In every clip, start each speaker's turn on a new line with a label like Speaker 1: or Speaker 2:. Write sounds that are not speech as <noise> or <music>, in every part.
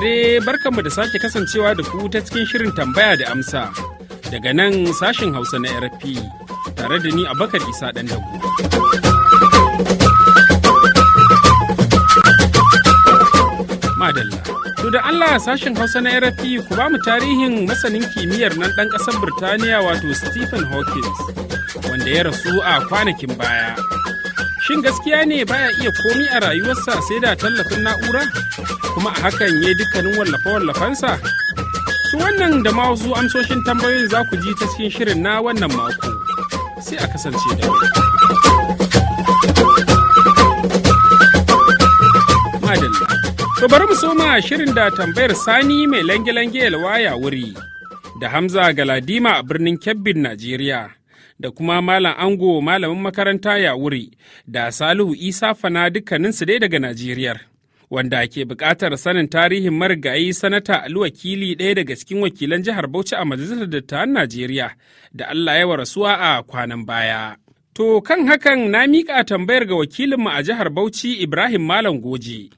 Speaker 1: saurare barkanmu da sake kasancewa da ku ta cikin shirin tambaya da amsa daga nan sashin Hausa na RFI tare da ni Abakar Isa ɗan dago. Madalla. To da Allah sashin Hausa na RFI ku ba mu tarihin masanin kimiyyar nan ɗan ƙasar Birtaniya wato Stephen Hawkins wanda ya rasu a kwanakin baya. Shin gaskiya ne baya iya komi a rayuwarsa sai da tallafin na'ura? Kuma a hakan ya dukkanin wallafe-wallafensa? Su wannan da ma wasu amsoshin tambayoyin za ku ji ta cikin shirin na wannan mako. Sai a kasance da Madalla. To bari mu soma shirin da tambayar Sani mai lange-lange waya wuri da Hamza Galadima a birnin Kebbin, Najeriya. da kuma Malam Ango malamin makaranta ya wuri da Salihu Isa Fana dukkaninsu dai daga Najeriya. Wanda ke bukatar sanin tarihin marigayi sanata Ali wakili ɗaya daga cikin wakilan jihar Bauchi a Majalisar Dattawan Najeriya da Allah ya rasuwa a kwanan baya. To kan hakan na miƙa tambayar ga wakilinmu a jihar Bauchi Ibrahim Malam Goji.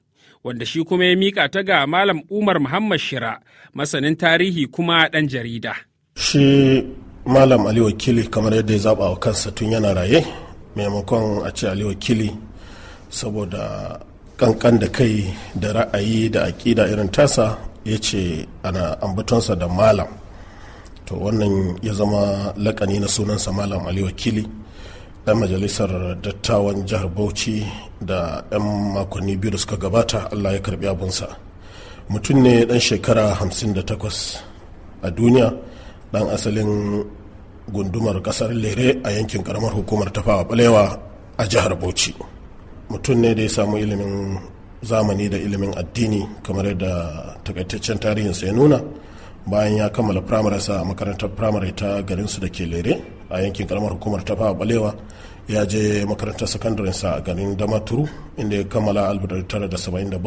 Speaker 1: wanda shi kuma ya mika ta ga Malam Umar Muhammad Shira, masanin tarihi kuma ɗan jarida.
Speaker 2: Shi malam ali wakili kamar yadda ya zaba wa kansa tun yana raye maimakon a ce ali wakili saboda kankan da kai da ra'ayi da aƙida irin tasa ya ce ana ambatonsa da malam to wannan ya zama lakani na sunansa malam ali wakili ɗan majalisar dattawan jihar bauchi da 'yan makonni biyu da suka gabata allah ya karbi abunsa mutum ne ɗan shekara 58 a duniya dan asalin gundumar kasar lere a yankin karamar hukumar tafawa balewa a jihar bauchi mutum ne da ya samu ilimin zamani da ilimin addini kamar yadda takaitaccen tarihinsa ya nuna bayan ya kammala firamarsa a makarantar firamare ta garinsu da ke lere a yankin karamar hukumar fawa balewa ya je makarantar sakandarensa a garin damaturu inda ya kammala 1977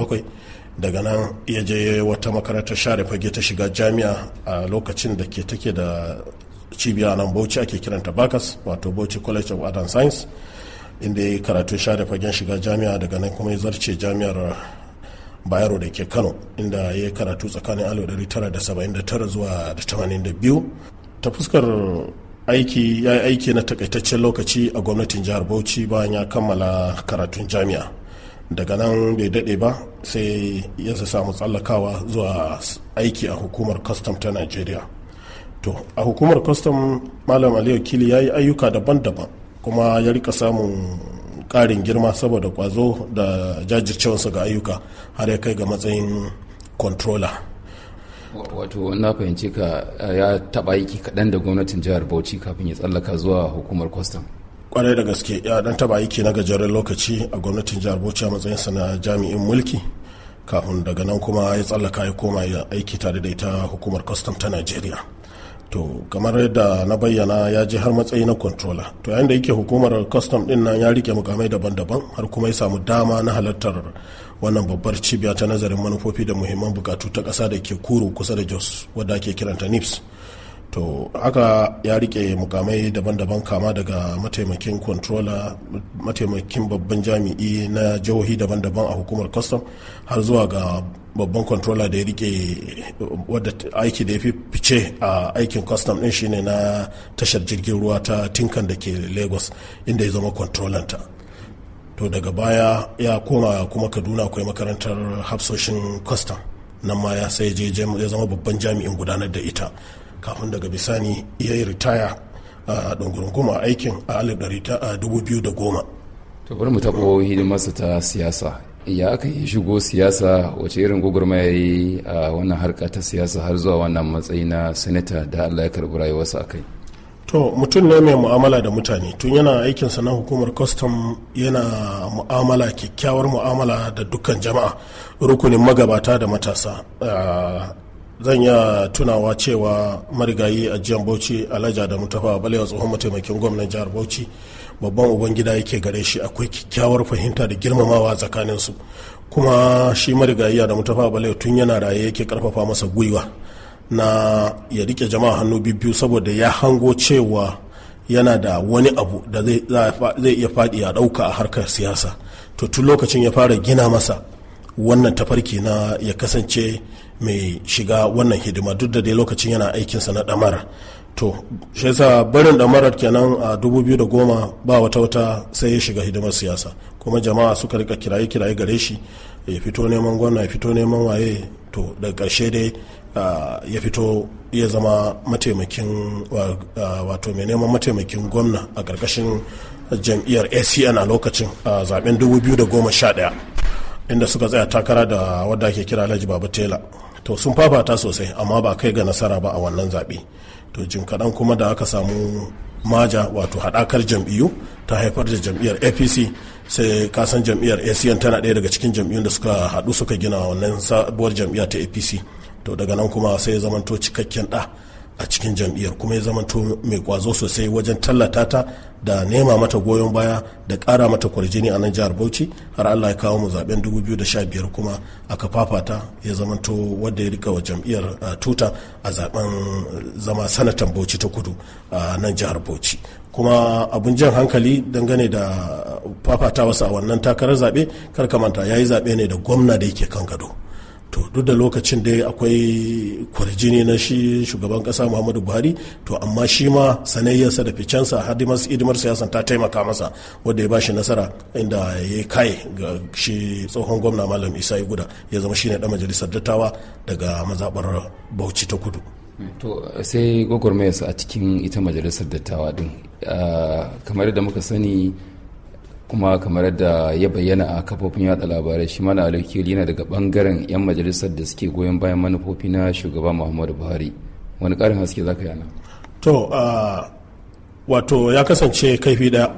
Speaker 2: daga nan ya je wata makarantar share fage ta shiga jami'a a lokacin da ke take da cibiya nan bauchi ake kiranta bakas wato bauchi college of art and science inda ya yi karatu share fagen shiga jami'a daga nan kuma ya zarce jami'ar bayero da ke kano inda ya yi karatu tsakanin 1979 zuwa 82 ta fuskar aiki ya yi aiki na takaitaccen lokaci a gwamnatin jihar bauchi bayan ya kammala karatun jami'a daga nan bai dade ba sai ya samu tsallakawa zuwa aiki a hukumar custom ta nigeria to a hukumar custom malam aliyu kili ya yi ayyuka daban-daban kuma ya rika samun ƙarin girma saboda kwazo da jajircewarsa ga ayyuka har ya kai ga matsayin controller
Speaker 3: wato na fahimci ka ya taɓa aiki kaɗan da gwamnatin jihar bauchi kafin ya tsallaka zuwa hukumar custom
Speaker 2: kwarai da gaske ya dan taba yake na gajeren lokaci a gwamnatin jihar bauchi a matsayinsa na jami'in mulki kafin daga nan kuma ya tsallaka ya koma ya aiki tare da ita hukumar kwastam ta najeriya to kamar yadda na bayyana ya je har matsayi na controller to yayin da yake hukumar kwastam din nan ya rike mukamai daban-daban har kuma ya samu dama na halartar wannan babbar cibiya ta nazarin manufofi da muhimman bukatu ta ƙasa da ke kuru kusa da jos wadda ake kiranta nips to aka ya rike mukamai daban-daban kama daga mataimakin controller mataimakin babban jami'i na jihohi daban-daban a hukumar custom har zuwa ga babban controller da ya rike wadda aiki da ya fi fice a aikin custom din shine na tashar jirgin ruwa ta tinkan da ke lagos inda ya zama controller ta to daga baya ya koma kuma kaduna akwai makarantar hafsoshin custom nan ma ya sai je ya zama babban jami'in gudanar da ita kafin daga bisani ya yi ritaya a ɗungurunguma aikin a alif ta dubu biyu da goma.
Speaker 3: to bari mu taɓo hidimarsa ta siyasa ya aka yi shigo siyasa wace irin ya yi a wannan harka ta siyasa har zuwa wannan matsayi na sanata da allah ya karbi rayuwarsa a kai
Speaker 2: to mutum ne mai mu'amala da mutane tun yana aikin sa na hukumar custom yana mu'amala kyakkyawar mu'amala da dukkan jama'a rukunin magabata da matasa ah, zan iya tunawa cewa marigayi a jiyan bauchi alhaji da mutafa balewa tsohon mataimakin gwamnan jihar bauchi babban uban gida yake gare shi akwai kyakkyawar fahimta da girmamawa tsakanin su kuma shi marigayi da mutafa balewa tun yana raye yake karfafa masa gwiwa na ya rike jama'a hannu biyu saboda ya hango cewa yana da wani abu da zai iya faɗi a ɗauka a harkar siyasa to tun lokacin ya fara gina masa wannan tafarki na ya kasance mai shiga wannan hidima duk da dai lokacin yana aikinsa na ɗamara to shi yasa barin damarar kenan a 2010 ba wata wata sai ya shiga hidimar siyasa kuma jama'a suka rika kiraye kiraye gare shi ya fito neman gwamna ya fito neman waye to da ƙarshe dai ya fito ya zama mataimakin wato mai neman mataimakin gwamna a ƙarƙashin jam'iyyar acn a lokacin a zaben 2011 inda suka tsaya takara da wadda ake kira alhaji baba tela to sun fafata sosai amma ba kai ga nasara ba a wannan zaɓe to jim kaɗan kuma da aka samu maja wato haɗakar jam'iyyu ta haifar da jam'iyyar apc sai kasan jam'iyyar acn tana ɗaya daga cikin jam'iyyun da suka haɗu suka gina wannan sabuwar jam'iyya ta apc to daga nan kuma sai zamanto cikakken ɗa a cikin jam'iyyar kuma ya zamanto mai kwazo sosai wajen tallata ta da nema mata goyon baya da kara mata kwarjini a nan jihar bauchi har allah ya kawo mu zaben biyar kuma aka fafata ya zamanto wadda ya rika wa jam'iyyar tuta a zaben zama sanatan bauchi ta kudu a nan jihar bauchi kuma abun jan hankali dangane da fafata wasu a wannan takarar zaɓe kar ka manta ya yi zaɓe ne da gwamna da yake kan gado to duk da lokacin dai akwai kwarjini na shi shugaban kasa muhammadu buhari to amma shi ma sanayyarsa da ficensa hidimar siyasan ta taimaka masa wanda ya bashi nasara inda ya kai ga shi tsohon gwamna malam isa guda ya zama shi ne dan majalisar dattawa daga mazabar bauchi ta kudu
Speaker 3: to sai gwagwarmayarsa a cikin ita majalisar dattawa din ah, kamar da muka sani kuma kamar yadda ya bayyana a kafofin yada labarai shi mana alakili yana daga bangaren 'yan majalisar da suke goyon bayan manufofi na shugaba muhammadu buhari wani karin haske za ka yana
Speaker 2: to wato ya kasance kaifi daya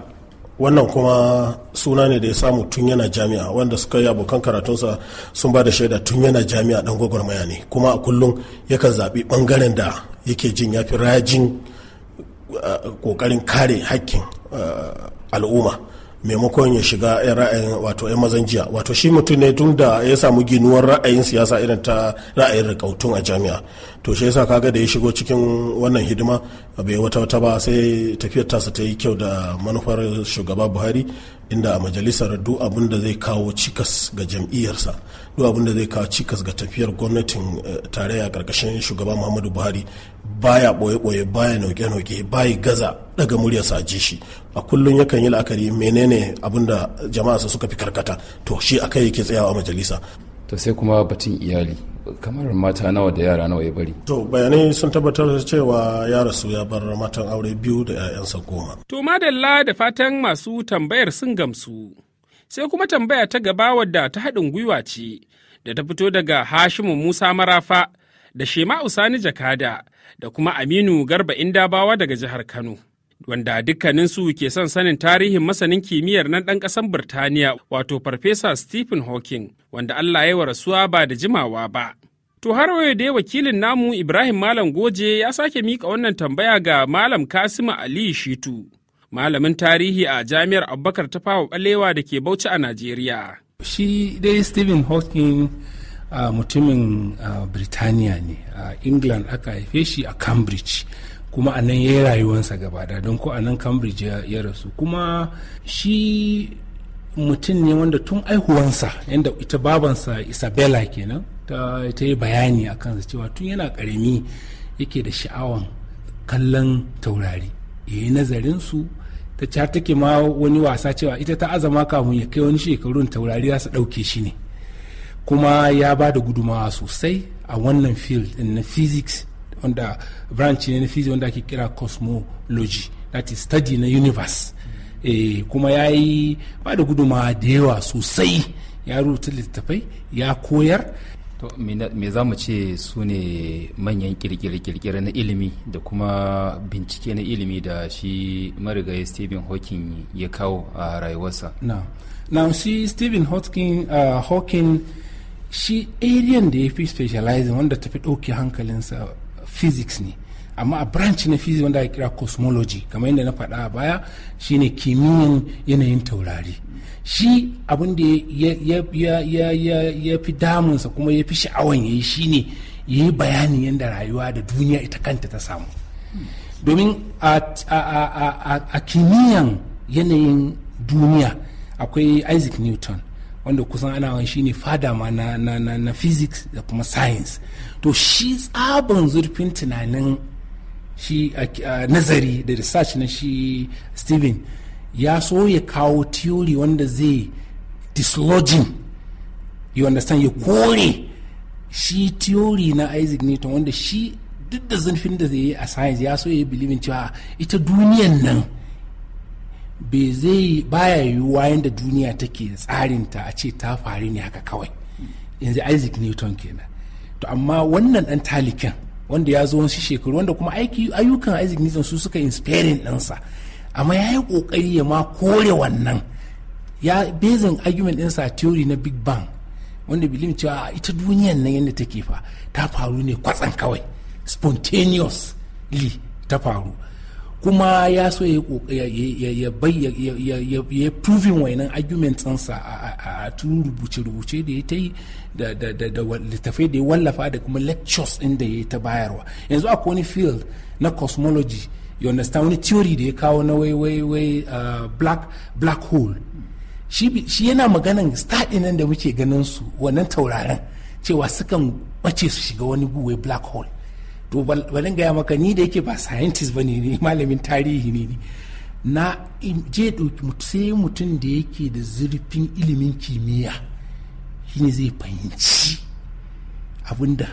Speaker 2: wannan kuma suna ne da ya samu tun yana jami'a wanda suka yi abokan karatunsa sun ba da shaida tun yana jami'a dan gwagwarmaya ne kuma a kullum yakan zaɓi bangaren da yake jin ya fi rajin kokarin kare haƙƙin al'umma maimakon ya shiga ra'ayin wato yan mazan jiya wato shi mutum ne tun da ya samu ginuwar ra'ayin siyasa irin ta ra'ayin rikautun a jami'a to shi yasa kaga da ya shigo cikin wannan hidima bai wata wata ba sai tafiyar tasa ta yi kyau da manufar shugaba buhari inda a majalisar duk abin da zai kawo cikas ga jam'iyyarsa duk abin da zai kawo cikas ga tafiyar gwamnatin eh, tarayya karkashin shugaba muhammadu buhari baya boye-boye baya nauke-nauke baya gaza daga sa ji shi a kullum yakan yi la'akari menene abun da jama'a suka fi karkata to shi akai yake tsayawa a majalisa to sai kuma batun iyali
Speaker 3: kamar mata nawa da yara nawa ya bari.
Speaker 2: To bayanai sun tabbatar da cewa ya rasu ya bar matan aure biyu da 'ya'yansa goma.
Speaker 1: To madalla da fatan masu tambayar sun gamsu. Sai kuma tambaya ta gaba wadda ta haɗin gwiwa ce da ta fito daga Hashimu Musa Marafa da Shema'u Sani Jakada da kuma Aminu Garba Indabawa daga jihar Kano. wanda dukkaninsu ke son sanin tarihin masanin kimiyyar nan ɗan ƙasar Birtaniya wato Farfesa Stephen Hawking wanda Allah ya wa rasuwa ba da jimawa ba. To har wayo dai wakilin namu Ibrahim Malam Goje ya sake mika wannan tambaya ga Malam Kasimu Ali Shitu, malamin tarihi a Jami'ar Abubakar ta fawa ɓalewa da ke Bauchi a Najeriya.
Speaker 4: Shi dai Stephen Hawking uh, mutumin uh, ne, a uh, England aka haife shi a Cambridge. kuma a nan ya yi rayuwansa gaba da don ko a nan cambridge ya rasu kuma shi mutum ne wanda tun aihuwansa yadda ita babansa isabella kenan ta, yi bayani a kansa cewa tun yana karami yake da sha'awan kallon taurari ya yi nazarinsu ta ci take ma wani wasa cewa ita ta azama kamun ya kai wani shekarun taurari za su ɗauke shi ne kuma ya ba da gudumawa sosai a wannan field na physics wanda branch ne na physics wanda ake kira cosmology that is study na universe e, kuma ya yi ba da guduma da yawa sosai ya rubuta littattafai ya koyar to me za mu ce su
Speaker 3: ne manyan kirkire-kirkire na ilimi da kuma bincike na ilimi da shi marigayi stephen hawking ya kawo a rayuwarsa
Speaker 4: na na shi stephen hawking, uh, hawking shi ariyan da ya fi specializing wanda tafi ɗauke hankalinsa physics ne amma a branch na physics wanda ake kira cosmology kamar yadda na faɗa a baya shine kimiyyan yanayin taurari shi abin da ya fi damunsa kuma ya fi sha'awan ya yi shi ne ya yi bayanin yadda rayuwa da duniya ita kanta ta samu domin a kimiyyan yanayin duniya akwai isaac newton wanda kusan ana wani shine fada ma na, na, na, na physics da kuma science to shi tsaban zurfin tunanin shi a nazari da research na shi steven ya so ya kawo theory wanda zai dislodging you understand ya kore shi theory na isaac newton wanda shi duk da zurfin da zai yi a science ya so ya yi cewa ita duniyan nan be zai baya yiwuwa yadda duniya take tsarinta a ce ta faru ne haka kawai yanzu isaac newton kenan to amma wannan dan talikin wanda ya zo wasu shekaru wanda kuma ayyukan isaac newton su suka inspiring ɗinsa amma ya yi kokari ya ma kore wannan ya bezin argument ɗinsa theory na big bang wanda bilim cewa ah, ita duniyan nan yadda take fa ta faru ne kwatsan kawai spontaneously ta faru kuma ya so ya ya proving wainan argument ɗinsa a tun rubuce-rubuce da ya ta yi da littafai da ya wallafa da kuma lectures ɗin da ya ta bayarwa yanzu akwai wani field na cosmology you understand wani theory da ya kawo na wai wai wai uh, black hole shi yana maganan star nan da muke ganin su wannan tauraron cewa sukan bace su shiga wani buwai black hole to balin gaya maka ni da yake ba scientist ba ne malamin tarihi ne ne na je ɗauki sai mutum da yake da zurfin ilimin kimiyya shi ne zai fahimci abinda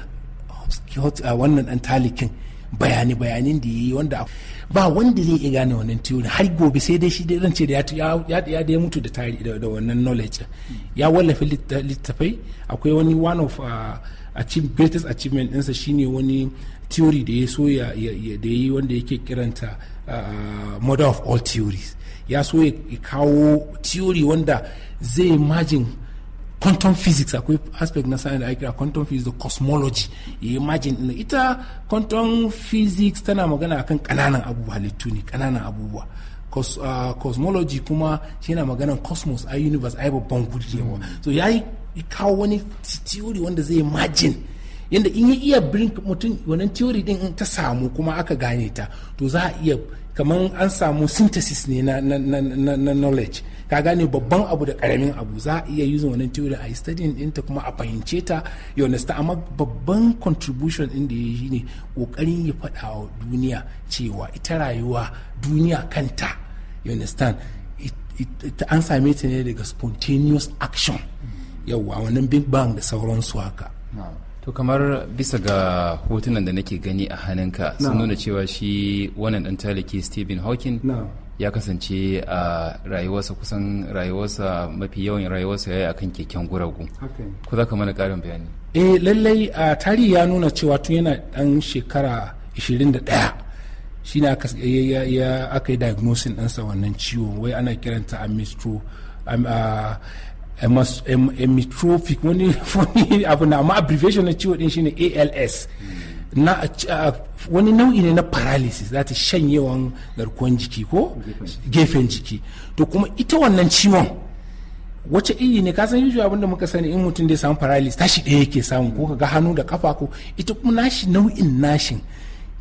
Speaker 4: wannan ɗan talikin bayani bayanin da yi wanda ba wanda zai iya gane wannan teori har gobe sai dai shi dai ce da ya da ya mutu da tari da wannan knowledge ya wallafa littafai akwai wani one of ah, greatest achievement ɗinsa shine wani theory da ya so ya yi wanda yake kiranta mother of all theories ya so ya kawo theory wanda zai imagine quantum physics akwai aspect na science da ake kira quantum physics da cosmology ya imagine ita quantum physics tana magana akan kananan abubuwa halittu ne kananan abubuwa cosmology kuma shi yana maganan cosmos a universe a babban guri so ya yi ya kawo wani theory wanda zai majin yadda in ya iya bring mutum wannan theory din ta samu kuma aka gane ta to za a iya kamar an samu synthesis ne na, na, knowledge ka gane babban abu da karamin abu za a iya yuzin wannan theory a study din ta kuma a fahimce ta ya understand amma babban contribution ɗin da ya yi ne kokarin ya faɗa wa duniya cewa ita rayuwa duniya kanta you understand an same ta ne daga spontaneous action yauwa wannan big bang da sauransu haka
Speaker 3: to kamar bisa ga hotunan da nake gani a hannunka sun nuna cewa shi wannan dan taliki stephen hawking ya kasance a rayuwarsa kusan rayuwarsa mafi yawan rayuwarsa ya yi akan keken guragu ku za ka mana karin bayani
Speaker 4: eh lallai a tarihi ya nuna cewa tun yana dan shekara 21 shi ne aka yi diagnosis ɗansa wannan ciwon wai ana kiranta a mistro Emitrophic wani <laughs> abu na amma abbreviation na ciwo din shine als na wani nau'i ne na paralysis za ta shanyewan garkuwan jiki ko gefen jiki to kuma ita wannan ciwon wace iri ne ka san yuju abinda muka sani in mutum da ya samu paralysis tashi ɗaya yake samu ko ka ga hannu da kafa ko ita kuma nashi nau'in nashin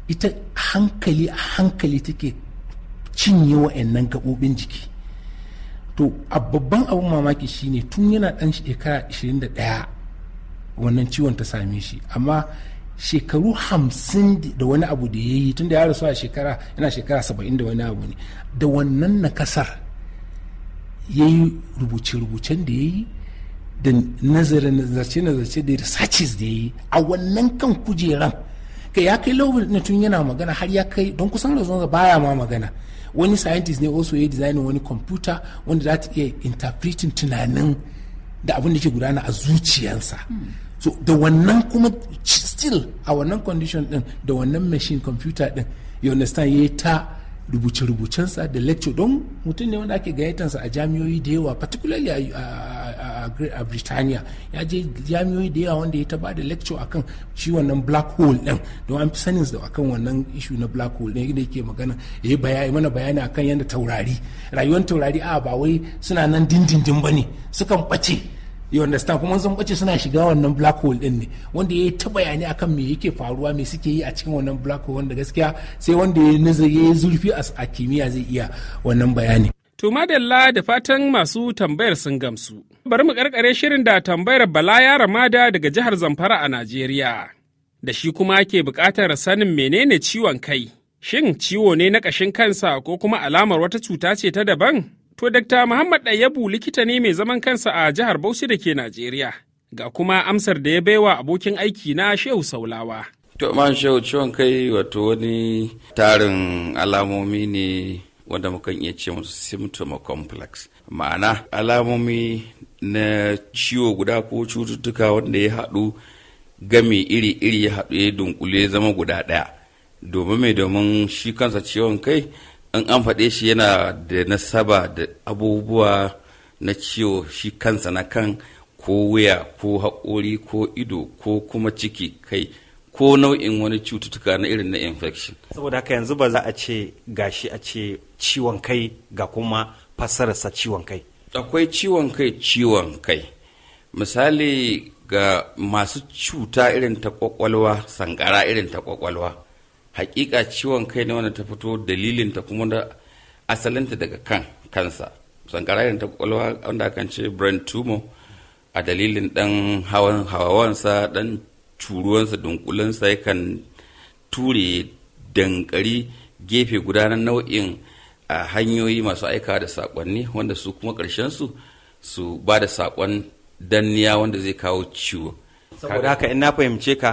Speaker 4: ita hankali a hankali take cinye wa'annan gaɓoɓin jiki to a babban abin mamaki shine tun yana dan shekara 21 wannan ciwon ta same shi amma shekaru hamsin da wani abu da ya yi tun da ya rasu a shekara yana shekara saba'in da wani abu ne da wannan na kasar ya yi rubuce-rubucen da ya yi da nazarce-nazarce da researches da ya yi a wannan kan kujeran ka ya kai laubin na tun yana magana har ya kai don kusan razuwa baya ma magana wani scientist ne also ya designing wani computer wanda za ta iya interpreting tunanin da abin da ke gudana a zuciyarsa so da wannan kuma still a wannan condition din da wannan machine computer din you understand ya ta rubuce-rubucensa da lecture don mutum ne wanda ake gayyatansa a jami'oyi da yawa particularly a a Birtaniya ya je jami'oi da yawa wanda ya ta bada lecture akan shi wannan black hole din don an fi sanin da akan wannan issue na black hole din da yake magana yayi bayani mana bayani akan yanda taurari rayuwar taurari a ba wai suna nan dindindin bane sukan bace you understand kuma sun bace suna shiga wannan black hole din ne wanda ya ta bayani akan me yake faruwa me suke yi a cikin wannan black hole wanda gaskiya sai wanda ya nazari ya zurfi a kimiyya zai iya wannan bayani
Speaker 1: To madalla da fatan masu tambayar sun gamsu. Bari mu karkare shirin da tambayar Bala ya ramada daga jihar Zamfara a Najeriya. Da shi kuma ke bukatar sanin menene ciwon kai. Shin ciwo ne na ƙashin kansa ko kuma alamar wata cuta ce ta daban? To Dr. Muhammad Ɗayyabu likita ne mai zaman kansa a jihar Bauchi da ke Najeriya. Ga kuma amsar da ya baiwa abokin aiki na Shehu Saulawa.
Speaker 5: To man Shehu ciwon kai wato wani tarin alamomi ne wanda mukan iya ce musu complex ma'ana alamomi na ciwo guda ko cututtuka wanda ya haɗu gami iri-iri ya haɗu ya dunkule ya zama guda ɗaya domin mai domin shi kansa ciwon kai in an faɗe shi yana da nasaba da abubuwa na ciwo shi kansa na kan ko wuya ko haƙori ko ido ko kuma ciki kai ko nau'in wani cututtuka na irin na infection saboda haka yanzu ba za a ce gashi a ce ciwon kai ga kuma fassararsa ciwon kai akwai ciwon kai ciwon kai misali ga masu cuta irin ta kwakwalwa sankara irin ta kwakwalwa hakika ciwon kai ne wanda ta fito dalilin kuma da asalinta daga kan kansa sankara irin ta kwakwalwa wanda kan ce brain tumor a dalilin dan hawan hawansa dan curuwansa dunkulensa yakan ture dankari gefe gudanar nau'in a hanyoyi masu aika da sakonni wanda su kuma ƙarshensu su ba da sakon danniya wanda zai kawo ciwo saboda haka in na fahimce ka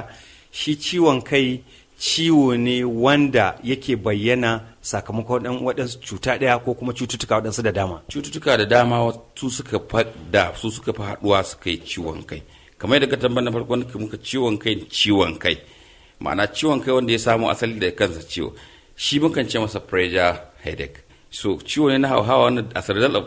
Speaker 5: shi ciwon kai ciwo ne wanda yake bayyana sakamakon ɗan waɗansu cuta ɗaya ko kuma cututtuka waɗansu da dama cututtuka da dama su suka fi haɗuwa suka yi ciwon kai kamar yadda ka tambar na farko nake muka ciwon kai ciwon kai ma'ana ciwon kai wanda ya samu asali da kansa ciwo shi mukan ce masa pressure headache so ciwo ne na hawa wanda as a result of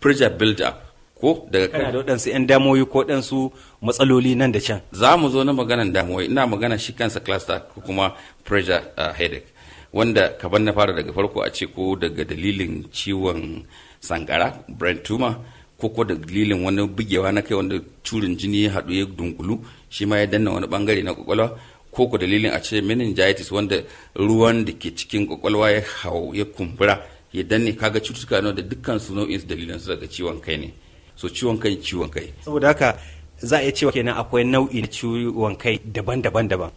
Speaker 5: pressure build up ko daga kai da waɗansu 'yan damoyi ko ɗansu matsaloli nan da can za mu zo na maganan damoyi ina magana shi kansa cluster ko kuma pressure uh, headache wanda kaban na fara daga farko a ce ko daga dalilin ciwon sankara brain tumor ko ko dalilin wani bugewa na kai wanda curin jini ya haɗu ya dunkulu shi ma ya danna wani bangare na kwakwalwa ko ko dalilin a ce meningitis wanda ruwan da ke cikin kwakwalwa ya hau ya kumbura ya danne kaga cututtuka na da dukkan su nau'in su dalilan su daga ciwon kai ne so ciwon kai ciwon kai saboda haka za a iya cewa kenan akwai nau'i na ciwon kai daban-daban daban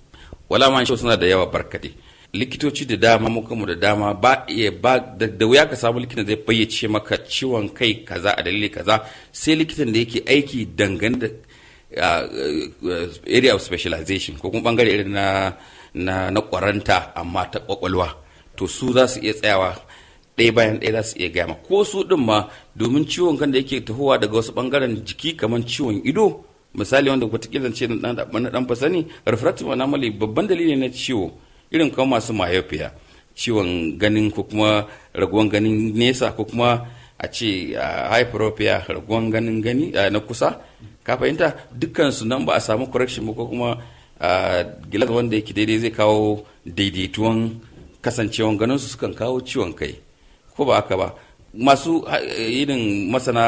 Speaker 5: wala ma suna da yawa barkate likitoci da dama mukamu da dama ba iya ba da wuya ka samu likitan zai bayyace maka ciwon kai kaza a dalili kaza sai likitan da yake aiki dangane da area of specialization ko kuma bangare irin na na, na kwaranta amma ta kwakwalwa to su za su iya tsayawa ɗaya bayan ɗaya za su iya gama ko su ɗin ma domin ciwon kan da yake tahowa daga wasu bangaren jiki kamar ciwon ido misali wanda wataƙila ce na ɗan fasani refractive anomaly babban dalili ne na ciwo irin kuma masu myopia ciwon ganin ko kuma raguwan ganin nesa ko kuma a ce hyperopia raguwan ganin gani na kusa ka fahimta dukkan nan ba a samu correction ba ko kuma gilas wanda yake daidai zai kawo daidaituwan kasancewan ganinsu su sukan kawo ciwon kai ko ba haka ba masu irin masana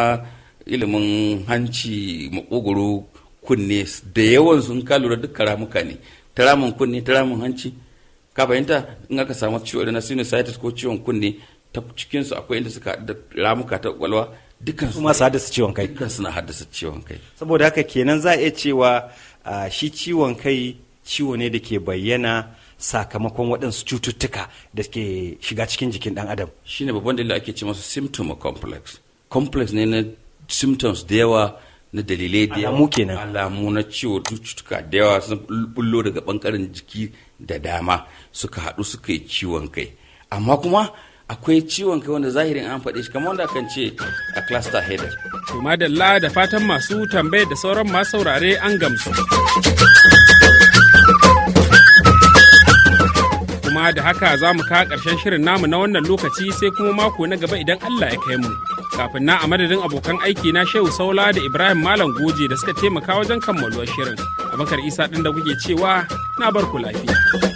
Speaker 5: ilimin hanci makogoro kunne da yawan sun ka lura duk karamuka ne ta ramin kunne ta ramin hanci ka fahimta in aka samu ciwo na sinusitis ko ciwon kunne ta cikin akwai inda suka da ramuka ta kwalwa dukkan su haddasa ciwon kai dukkan suna haddasa ciwon kai saboda haka kenan za a iya cewa shi ciwon kai ciwo ne da ke bayyana sakamakon waɗansu cututtuka da ke shiga cikin jikin ɗan adam shine babban dalilin ake ce masa symptom complex complex ne na symptoms da yawa na dalilai da alamu kenan alamu na ciwo cututtuka da yawa sun bullo daga bangaren jiki da dama suka haɗu suka yi ciwon kai amma kuma akwai ciwon kai wanda zahirin an faɗe shi kamar wanda kan ce a cluster header. To madalla
Speaker 1: da fatan masu tambayar da sauran masu saurare an gamsu. Kuma da haka za mu kawo ƙarshen shirin namu na wannan lokaci sai kuma mako na gaba idan Allah ya kai mu. Kafin na a madadin abokan aiki na Shehu Saula da Ibrahim Malam Goje da suka taimaka wajen kammaluwar shirin. Abakar Isa ɗin da kuke cewa na bar ku lafiya.